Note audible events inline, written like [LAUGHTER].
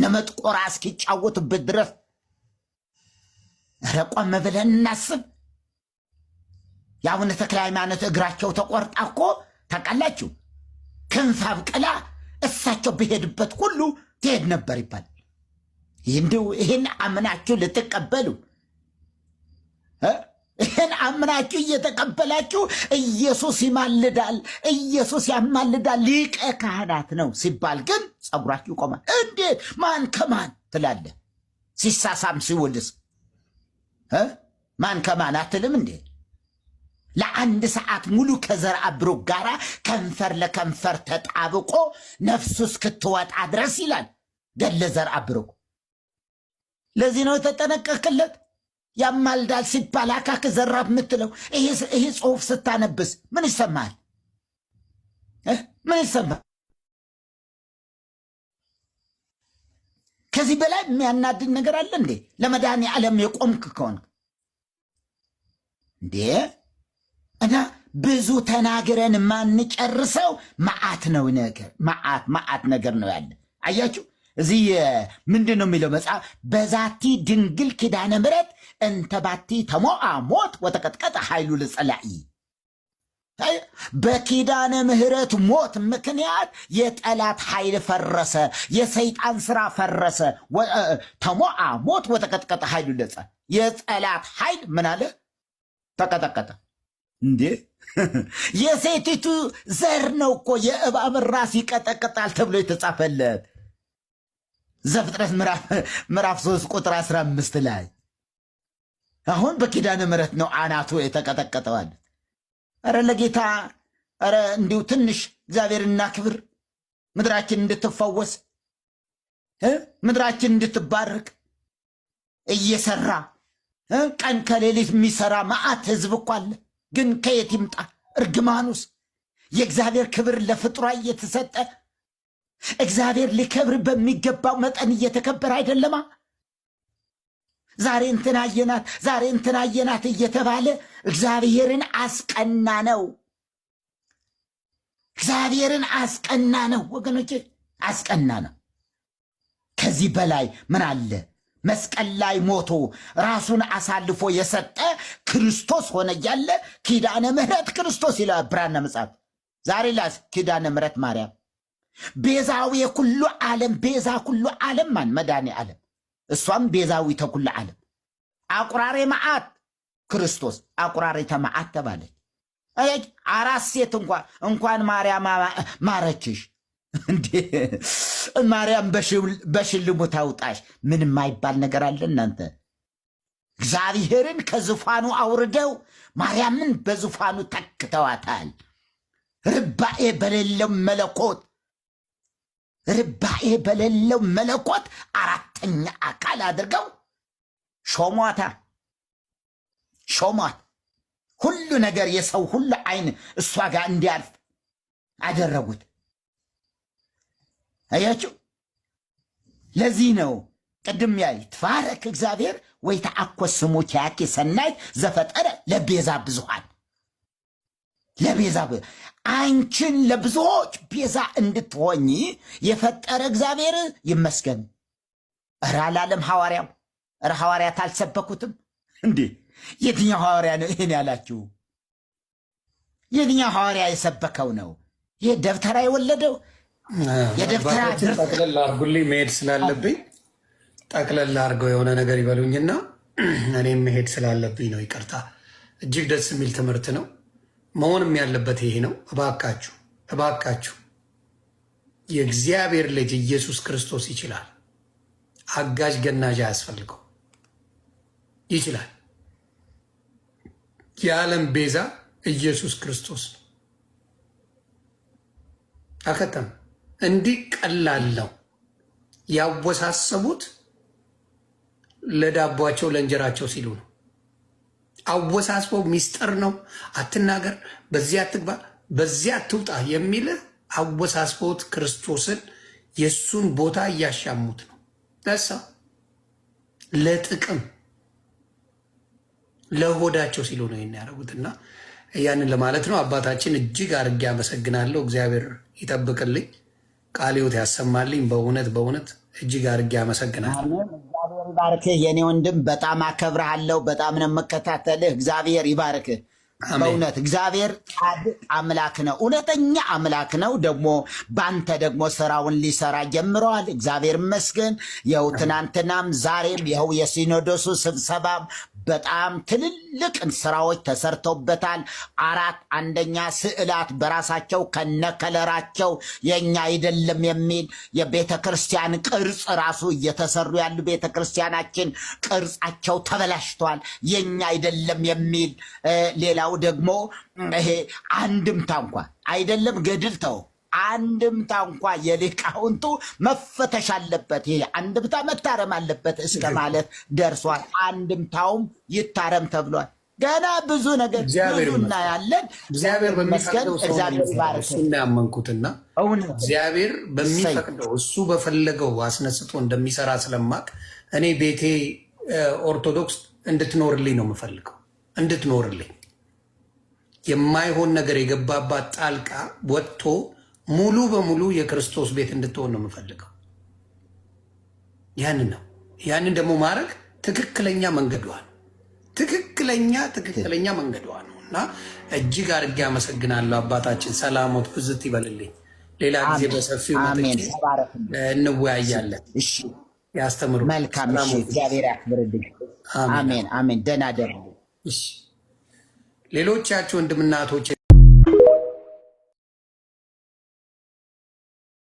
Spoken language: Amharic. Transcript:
ነመጥቆራ እስኪጫወትበት ድረስ ኧረ ቆም ብለን እናስብ። የአቡነ ተክለ ሃይማኖት እግራቸው ተቆርጣ እኮ ታውቃላችሁ፣ ክንፍ አብቅላ እሳቸው በሄድበት ሁሉ ትሄድ ነበር ይባል። እንዲሁ ይህን አምናችሁ ልትቀበሉ ይህን አምናችሁ እየተቀበላችሁ ኢየሱስ ይማልዳል፣ ኢየሱስ ያማልዳል፣ ሊቀ ካህናት ነው ሲባል ግን ጸጉራችሁ ይቆማል። እንዴት ማን ከማን ትላለ? ሲሳሳም ሲውልስ ማን ከማን አትልም እንዴ? ለአንድ ሰዓት ሙሉ ከዘር አብሮ ጋራ ከንፈር ለከንፈር ተጣብቆ ነፍሱ እስክትወጣ ድረስ ይላል ገለ ዘር አብሮ። ለዚህ ነው የተጠነቀቅለት ያማልዳል ሲባል አካክ ዘራ የምትለው ይህ ጽሁፍ ስታነብስ ምን ይሰማል? ምን ይሰማል? ከዚህ በላይ የሚያናድድ ነገር አለ እንዴ? ለመድኃኔ ዓለም የቆምክ ከሆንክ እንዴ እና ብዙ ተናግረን ማንጨርሰው መዓት ነው ነገር መዓት መዓት ነገር ነው ያለ አያችሁ። እዚህ ምንድን ነው የሚለው መጽሐፍ በዛቲ ድንግል ኪዳነ ምሕረት እንተባቲ ተሞአ ሞት ወተቀጥቀጠ ኃይሉ ለጸላኢ በኪዳነ ምሕረት ሞት ምክንያት የጠላት ኃይል ፈረሰ፣ የሰይጣን ስራ ፈረሰ። ተሞአ ሞት ወተቀጥቀጠ ኃይሉ ለጸ የጠላት ኃይል ምን አለ? ተቀጠቀጠ። እንዴ [LAUGHS] የሴቲቱ ዘር ነው እኮ የእባብን ራስ ይቀጠቅጣል ተብሎ የተጻፈለት ዘፍጥረት ምዕራፍ 3 [LAUGHS] ቁጥር 15 ላይ አሁን በኪዳነ ምሕረት ነው አናቱ የተቀጠቀጠዋል። ኧረ ለጌታ ኧረ እንዲሁ ትንሽ እግዚአብሔርና ክብር ምድራችን እንድትፈወስ ምድራችን እንድትባረክ እየሰራ ቀን ከሌሊት የሚሰራ መዓት ህዝብ እኮ አለ። ግን ከየት ይምጣ እርግማኑስ? የእግዚአብሔር ክብር ለፍጥሯ እየተሰጠ እግዚአብሔር ሊከብር በሚገባው መጠን እየተከበረ አይደለማ። ዛሬ እንትናየናት ዛሬ እንትናየናት እየተባለ እግዚአብሔርን አስቀና ነው። እግዚአብሔርን አስቀና ነው ወገኖቼ፣ አስቀና ነው። ከዚህ በላይ ምን አለ? መስቀል ላይ ሞቶ ራሱን አሳልፎ የሰጠ ክርስቶስ ሆነ እያለ ኪዳነ ምሕረት ክርስቶስ ይለ ብራና መጽሐፍ። ዛሬ ላስ ኪዳነ ምሕረት ማርያም ቤዛዊ የኩሉ ዓለም ቤዛ ኩሉ ዓለም ማን መድኃኔ ዓለም እሷም ቤዛዊ ተኩሉ ዓለም አቁራሬ መዓት ክርስቶስ አቁራሬ ተመዓት ተባለች። አራት ሴት እንኳ እንኳን ማርያም ማረችሽ እንዴ ማርያም በሽልሙ ታውጣሽ። ምን የማይባል ነገር አለ እናንተ? እግዚአብሔርን ከዙፋኑ አውርደው ማርያምን በዙፋኑ ተክተዋታል። ርባኤ በሌለው መለኮት ርባኤ በሌለው መለኮት አራተኛ አካል አድርገው ሾሟታ ሾሟት። ሁሉ ነገር የሰው ሁሉ አይን እሷ ጋር እንዲያልፍ አደረጉት። አያችሁ፣ ለዚህ ነው ቅድም ያል ትባረክ እግዚአብሔር ወይተአኮ ስሙ ኪያኪ ሰናይት ዘፈጠረ ለቤዛ ብዙሃን ለቤዛ አንቺን ለብዙዎች ቤዛ እንድትሆኝ የፈጠረ እግዚአብሔር ይመስገን። እረ አላለም ሐዋርያው? እረ ሐዋርያት አልሰበኩትም እንዴ? የትኛው ሐዋርያ ነው ይህን ያላችሁ? የትኛው ሐዋርያ የሰበከው ነው? ይህ ደብተራ የወለደው የደብተራ ጠቅለል አርጉልኝ፣ መሄድ ስላለብኝ ጠቅለል አድርገው የሆነ ነገር ይበሉኝና እኔም መሄድ ስላለብኝ ነው። ይቅርታ። እጅግ ደስ የሚል ትምህርት ነው። መሆንም ያለበት ይሄ ነው። እባካችሁ እባካችሁ የእግዚአብሔር ልጅ ኢየሱስ ክርስቶስ ይችላል። አጋዥ ገናዥ ያስፈልገው ይችላል። የዓለም ቤዛ ኢየሱስ ክርስቶስ ነው። አከተም እንዲህ ቀላል ነው። ያወሳሰቡት ለዳቧቸው ለእንጀራቸው ሲሉ ነው። አወሳስበው ሚስጥር ነው፣ አትናገር፣ በዚያ አትግባ፣ በዚያ አትውጣ የሚል አወሳስበውት ክርስቶስን የእሱን ቦታ እያሻሙት ነው። ለሳ ለጥቅም ለሆዳቸው ሲሉ ነው ይህን ያንን ለማለት ነው። አባታችን እጅግ አድርጌ አመሰግናለሁ። እግዚአብሔር ይጠብቅልኝ፣ ቃሌዎት ያሰማልኝ። በእውነት በእውነት እጅግ አድርጌ አመሰግናለሁ። እግዚአብሔር ይባርክህ የኔ ወንድም፣ በጣም አከብረሃለሁ። በጣም ነው የምከታተልህ። እግዚአብሔር ይባርክህ። በእውነት እግዚአብሔር ጻድቅ አምላክ ነው፣ እውነተኛ አምላክ ነው። ደግሞ በአንተ ደግሞ ስራውን ሊሰራ ጀምረዋል። እግዚአብሔር ይመስገን። ይኸው ትናንትናም ዛሬም ይኸው የሲኖዶሱ ስብሰባም በጣም ትልልቅ ስራዎች ተሰርተውበታል። አራት አንደኛ ስዕላት በራሳቸው ከነከለራቸው የእኛ አይደለም የሚል የቤተ ክርስቲያን ቅርጽ ራሱ እየተሰሩ ያሉ ቤተ ክርስቲያናችን ቅርጻቸው ተበላሽቷል፣ የእኛ አይደለም የሚል ሌላው ደግሞ ይሄ አንድምታ እንኳን አይደለም ገድል ተው አንድምታ እንኳ የሊቃውንቱ መፈተሽ አለበት፣ ይሄ አንድምታ መታረም አለበት እስከ ማለት ደርሷል። አንድምታውም ይታረም ተብሏል። ገና ብዙ ነገር ብዙ እናያለን። እግዚአብሔር በሚፈቅደው ያመንኩትና እግዚአብሔር በሚፈቅደው እሱ በፈለገው አስነስቶ እንደሚሰራ ስለማቅ እኔ ቤቴ ኦርቶዶክስ እንድትኖርልኝ ነው የምፈልገው፣ እንድትኖርልኝ የማይሆን ነገር የገባባት ጣልቃ ወጥቶ ሙሉ በሙሉ የክርስቶስ ቤት እንድትሆን ነው የምፈልገው። ያንን ነው ያንን ደግሞ ማድረግ ትክክለኛ መንገዷ ነው። ትክክለኛ ትክክለኛ መንገዷ ነው እና እጅግ አድርጌ አመሰግናለሁ አባታችን። ሰላሞት ብዝት ይበልልኝ። ሌላ ጊዜ በሰፊው መጥቼ እንወያያለን። ያስተምሩ። መልካም እግዚአብሔር ያክብርልኝ። አሜን አሜን። ደህና ደሩ። ሌሎቻችሁ ወንድምና